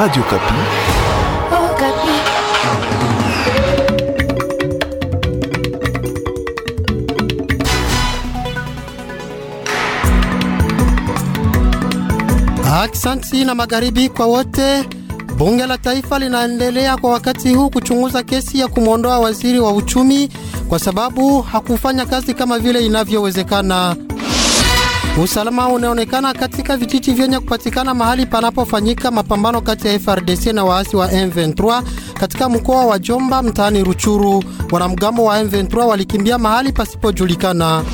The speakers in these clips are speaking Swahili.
Radio Kapi. Oh, Kapi. Aksanti na magharibi kwa wote. Bunge la Taifa linaendelea kwa wakati huu kuchunguza kesi ya kumwondoa waziri wa uchumi kwa sababu hakufanya kazi kama vile inavyowezekana. Usalama unaonekana katika vijiji vyenye kupatikana mahali panapofanyika mapambano kati ya FRDC na waasi wa M23 katika mkoa wa Jomba mtaani Ruchuru. Wanamgambo wa M23 walikimbia mahali pasipojulikana.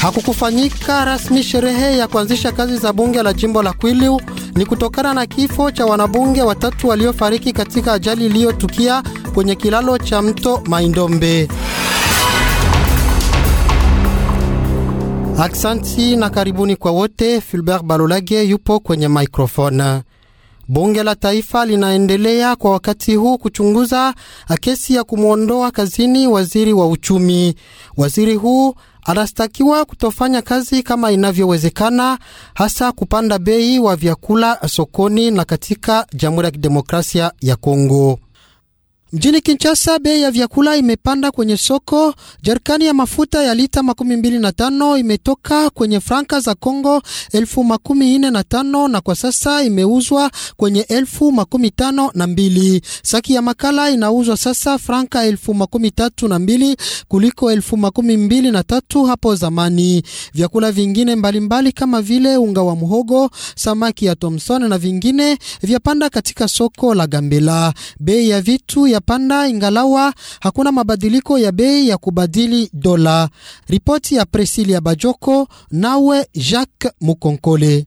Hakukufanyika rasmi sherehe ya kuanzisha kazi za bunge la jimbo la Kwilu. Ni kutokana na kifo cha wanabunge watatu waliofariki katika ajali iliyotukia kwenye kilalo cha mto Maindombe. Aksanti na karibuni kwa wote. filbert Balolage yupo kwenye maikrofona. Bunge la Taifa linaendelea kwa wakati huu kuchunguza kesi ya kumwondoa kazini waziri wa uchumi. Waziri huu anastakiwa kutofanya kazi kama inavyowezekana, hasa kupanda bei wa vyakula sokoni na katika Jamhuri ya Kidemokrasia ya Kongo. Mjini Kinshasa, bei ya vyakula imepanda kwenye soko. Jerikani ya mafuta ya lita 25 imetoka kwenye franka za Kongo 1045 na kwa sasa imeuzwa kwenye 1052. Saki ya makala inauzwa sasa franka 1032 kuliko 1023 hapo zamani. Vyakula vingine mbalimbali mbali kama vile unga wa mhogo, samaki ya Thomson na vingine vyapanda katika soko la Gambela. Bei ya vitu ya inapanda ingalawa hakuna mabadiliko ya bei ya kubadili dola. Ripoti ya Presilia Bajoko nawe Jacques Mukonkole.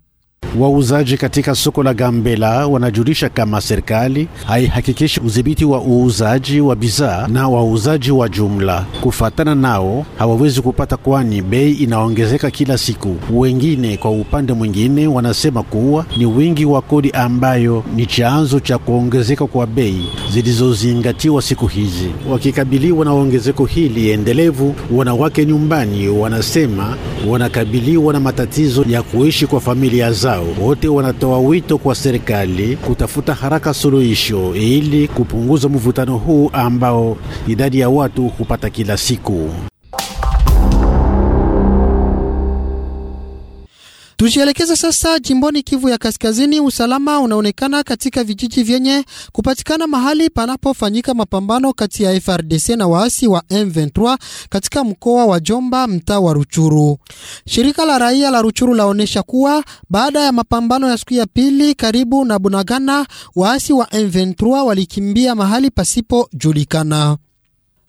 Wauzaji katika soko la Gambela wanajulisha kama serikali haihakikishi udhibiti wa uuzaji wa bidhaa na wauzaji wa jumla. Kufatana nao, hawawezi kupata, kwani bei inaongezeka kila siku. Wengine kwa upande mwingine wanasema kuwa ni wingi wa kodi ambayo ni chanzo cha kuongezeka kwa bei zilizozingatiwa siku hizi. Wakikabiliwa na ongezeko hili endelevu, wanawake nyumbani wanasema wanakabiliwa na matatizo ya kuishi kwa familia zao zao. Wote wanatoa wito kwa serikali kutafuta haraka suluhisho ili kupunguza mvutano huu ambao idadi ya watu hupata kila siku. Tujielekeze sasa jimboni Kivu ya Kaskazini. Usalama unaonekana katika vijiji vyenye kupatikana mahali panapofanyika mapambano kati ya FRDC na waasi wa M23 katika mkoa wa Jomba, mtaa wa Ruchuru. Shirika la raia la Ruchuru laonyesha kuwa baada ya mapambano ya siku ya pili karibu na Bunagana, waasi wa M23 walikimbia mahali pasipojulikana.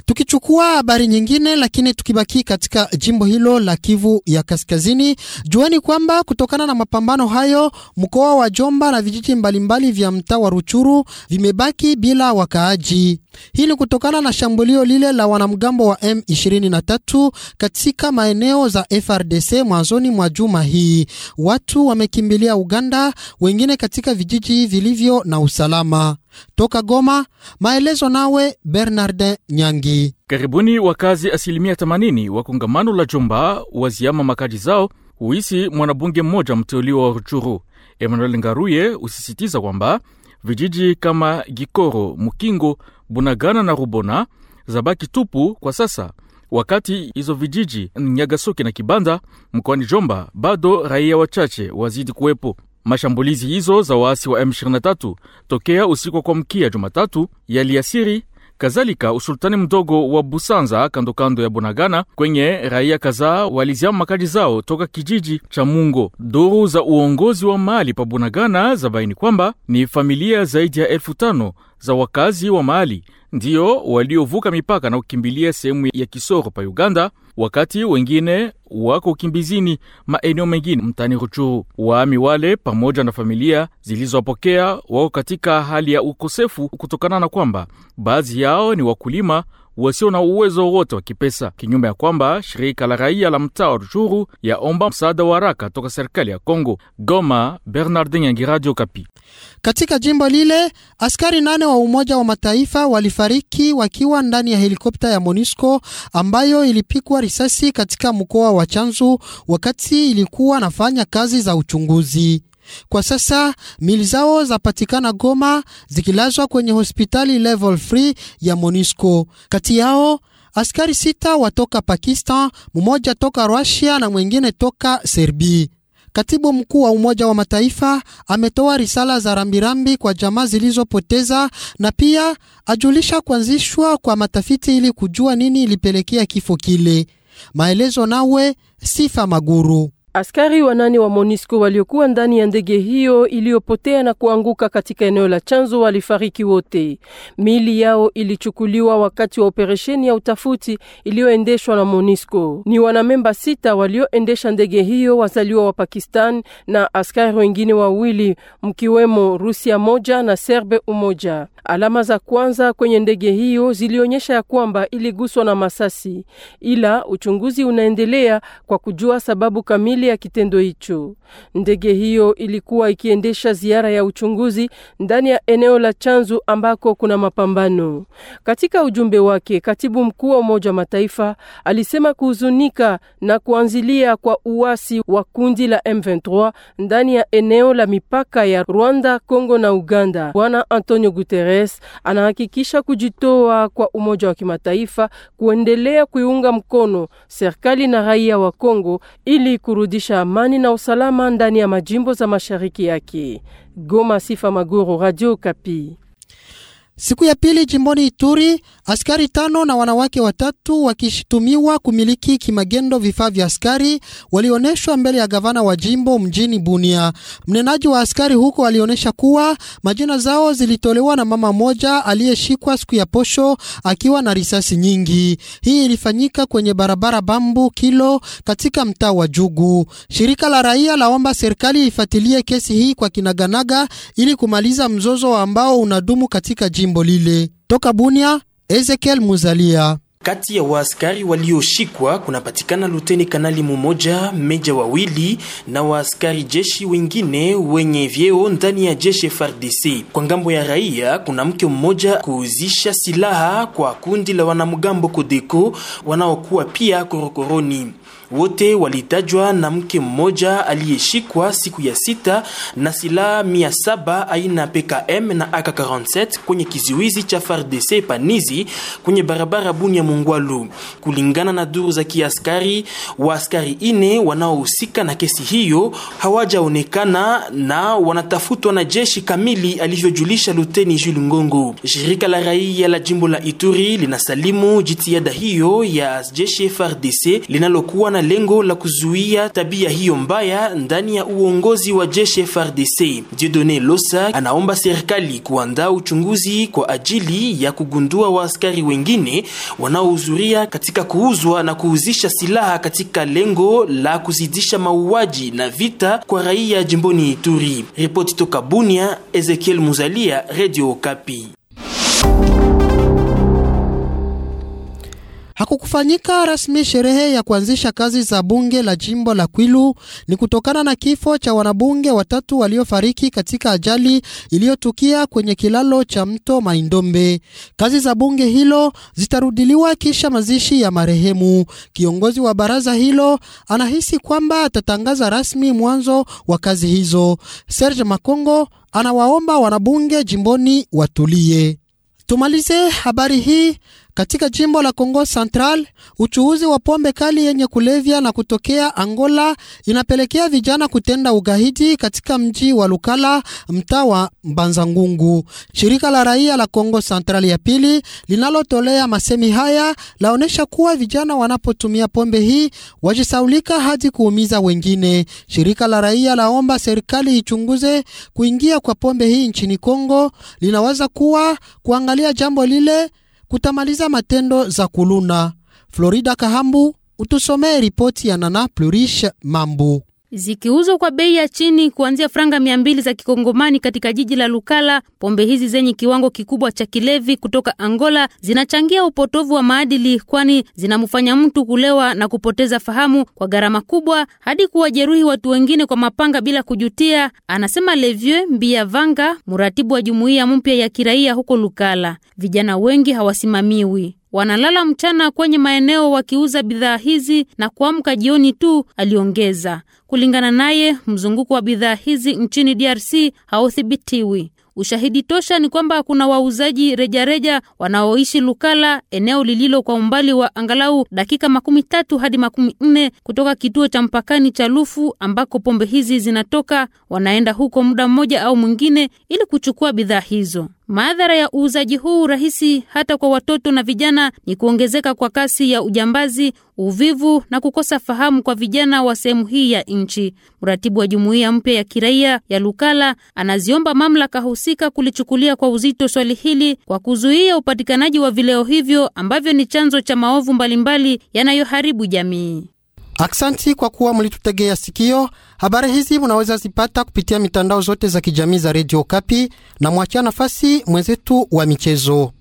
Tukichukua habari nyingine, lakini tukibaki katika jimbo hilo la Kivu ya Kaskazini, jueni kwamba kutokana na mapambano hayo mkoa wa Jomba na vijiji mbalimbali vya mtaa wa Ruchuru vimebaki bila wakaaji. Hii ni kutokana na shambulio lile la wanamgambo wa M23 katika maeneo za FRDC mwanzoni mwa juma hii. Watu wamekimbilia Uganda, wengine katika vijiji vilivyo na usalama. Toka Goma, maelezo nawe Bernardin Nyangi. Karibuni wakazi asilimia 80 wa kongamano la Jomba waziama makaji zao huisi mwanabunge mmoja mteuliwa wa Ruchuru Emmanuel Ngaruye husisitiza kwamba Vijiji kama Gikoro, Mukingo, Bunagana na Rubona zabaki tupu kwa sasa, wakati hizo vijiji Nyagasoki na Kibanda mkoani Jomba bado raia wachache wazidi kuwepo. Mashambulizi hizo za waasi wa M23 tokea usiku kwa mkia Jumatatu yaliasiri Kazalika, usultani mdogo wa Busanza kando ya Bunagana, kwenye raia kadhaa waliziama makaji zao toka kijiji cha Mungo. Duru za uongozi wa mali pa Bunagana zabaini kwamba ni familia zaidi ya elfu tano za wakazi wa mali ndio waliovuka mipaka na kukimbilia sehemu ya Kisoro pa Uganda, wakati wengine wako ukimbizini maeneo mengine mtani Ruchuru. Waami wale pamoja na familia zilizowapokea wako katika hali ya ukosefu kutokana na kwamba baadhi yao ni wakulima wasio na uwezo wowote wa kipesa, kinyume ya kwamba shirika la raia la mtaa wa Ruchuru yaomba msaada wa haraka toka serikali ya Kongo. Goma, Bernardin Yangi, Radio Kapi. Katika jimbo lile askari nane wa Umoja wa Mataifa walifariki wakiwa ndani ya helikopta ya MONUSCO ambayo ilipigwa risasi katika mkoa wa Chanzu wakati ilikuwa nafanya kazi za uchunguzi. Kwa sasa mili zao zapatikana Goma, zikilazwa kwenye hospitali level 3 ya MONUSCO. Kati yao askari sita watoka Pakistan, mmoja toka Rusia na mwingine toka Serbi. Katibu mkuu wa Umoja wa Mataifa ametoa risala za rambirambi kwa jamaa zilizopoteza na pia ajulisha kuanzishwa kwa matafiti ili kujua nini ilipelekea kifo kile. Maelezo nawe Sifa Maguru. Askari wanane wa MONUSCO waliokuwa ndani ya ndege hiyo iliyopotea na kuanguka katika eneo la chanzo walifariki wote. mili yao ilichukuliwa wakati wa operesheni ya utafuti iliyoendeshwa na MONUSCO. Ni wanamemba sita walioendesha ndege hiyo wazaliwa wa Pakistan na askari wengine wawili mkiwemo Rusia moja na Serbe umoja. Alama za kwanza kwenye ndege hiyo zilionyesha ya kwamba iliguswa na masasi, ila uchunguzi unaendelea kwa kujua sababu kamili mbili ya kitendo hicho. Ndege hiyo ilikuwa ikiendesha ziara ya uchunguzi ndani ya eneo la chanzu ambako kuna mapambano. Katika ujumbe wake, katibu mkuu wa Umoja wa Mataifa alisema kuhuzunika na kuanzilia kwa uasi wa kundi la M23 ndani ya eneo la mipaka ya Rwanda, Kongo na Uganda. Bwana Antonio Guterres anahakikisha kujitoa kwa Umoja wa Kimataifa kuendelea kuiunga mkono serikali na raia wa Kongo ili kurudi kurudisha amani na usalama ndani ya majimbo za mashariki yake. Goma, Sifa Maguru, Radio Kapi. Siku ya pili jimboni Ituri, askari tano na wanawake watatu wakishitumiwa kumiliki kimagendo vifaa vya askari walioneshwa mbele ya gavana wa jimbo mjini Bunia. Mnenaji wa askari huko alionyesha kuwa majina zao zilitolewa na mama moja aliyeshikwa siku ya posho akiwa na risasi nyingi. Hii ilifanyika kwenye barabara Bambu Kilo katika mtaa wa Jugu. Shirika la raia laomba serikali ifuatilie kesi hii kwa kinaganaga ili kumaliza mzozo ambao unadumu katika jimbo jimbo lile. Toka Bunia, Ezekiel Muzalia. Kati ya waaskari walioshikwa kunapatikana luteni kanali mumoja, meja wawili na waaskari jeshi wengine wenye vyeo ndani ya jeshi FARDC. Kwa ngambo ya raia kuna mke mmoja kuuzisha silaha kwa kundi la wanamgambo Kodeko wanaokuwa pia korokoroni. Wote walitajwa na mke mmoja aliyeshikwa siku ya sita na silaha mia saba aina PKM na AK47 kwenye kiziwizi cha FARDC Panizi kwenye barabara Bunia Mungwalu. Kulingana na duru za kiaskari, wa askari ine wanaohusika na kesi hiyo hawajaonekana na wanatafutwa na jeshi kamili, alivyojulisha Luteni Jules Ngongo. Shirika la raia la jimbo la Ituri linasalimu jitihada hiyo ya jeshi FARDC linalokuwa na na lengo la kuzuia tabia hiyo mbaya ndani ya uongozi wa jeshi FRDC. Dieudonne Losa anaomba serikali kuandaa uchunguzi kwa ajili ya kugundua waaskari wengine wanaohudhuria katika kuuzwa na kuuzisha silaha katika lengo la kuzidisha mauaji na vita kwa raia jimboni Ituri. Ripoti toka Bunia, Ezekiel Muzalia, Radio Okapi. Hakukufanyika rasmi sherehe ya kuanzisha kazi za bunge la jimbo la Kwilu. Ni kutokana na kifo cha wanabunge watatu waliofariki katika ajali iliyotukia kwenye kilalo cha mto Maindombe. Kazi za bunge hilo zitarudiliwa kisha mazishi ya marehemu. Kiongozi wa baraza hilo anahisi kwamba atatangaza rasmi mwanzo wa kazi hizo. Serge Makongo anawaomba wanabunge jimboni watulie. Tumalize habari hii katika jimbo la Kongo Central, uchuuzi wa pombe kali yenye kulevya na kutokea Angola inapelekea vijana kutenda ugaidi katika mji wa Lukala, mtaa wa Mbanzangungu. Shirika la raia la Kongo Central ya pili linalotolea masemi haya laonesha kuwa vijana wanapotumia pombe hii wajisaulika hadi kuumiza wengine. Shirika la raia laomba serikali ichunguze kuingia kwa pombe hii nchini Kongo, linawaza kuwa kuangalia jambo lile kutamaliza matendo za kuluna. Florida Kahambu utusomee ripoti ya Nana Plurish Mambu zikiuzwa kwa bei ya chini kuanzia franga mia mbili za kikongomani katika jiji la Lukala. Pombe hizi zenye kiwango kikubwa cha kilevi kutoka Angola zinachangia upotovu wa maadili, kwani zinamfanya mtu kulewa na kupoteza fahamu kwa gharama kubwa, hadi kuwajeruhi watu wengine kwa mapanga bila kujutia, anasema Levie Mbia Vanga, mratibu wa jumuiya mpya ya kiraia huko Lukala. Vijana wengi hawasimamiwi Wanalala mchana kwenye maeneo wakiuza bidhaa hizi na kuamka jioni tu, aliongeza. Kulingana naye, mzunguko wa bidhaa hizi nchini DRC hauthibitiwi. Ushahidi tosha ni kwamba kuna wauzaji rejareja wanaoishi Lukala, eneo lililo kwa umbali wa angalau dakika makumi tatu hadi makumi nne kutoka kituo cha mpakani cha Lufu ambako pombe hizi zinatoka. Wanaenda huko muda mmoja au mwingine ili kuchukua bidhaa hizo. Madhara ya uuzaji huu rahisi hata kwa watoto na vijana ni kuongezeka kwa kasi ya ujambazi, uvivu na kukosa fahamu kwa vijana wa sehemu hii ya nchi. Mratibu wa jumuiya mpya ya kiraia ya Lukala anaziomba mamlaka husika kulichukulia kwa uzito swali hili kwa kuzuia upatikanaji wa vileo hivyo ambavyo ni chanzo cha maovu mbalimbali yanayoharibu jamii. Aksanti kwa kuwa mulitutegea sikio. Habari hizi munaweza zipata kupitia mitandao zote za kijamii za redio Kapi, na mwachia nafasi mwenzetu wa michezo.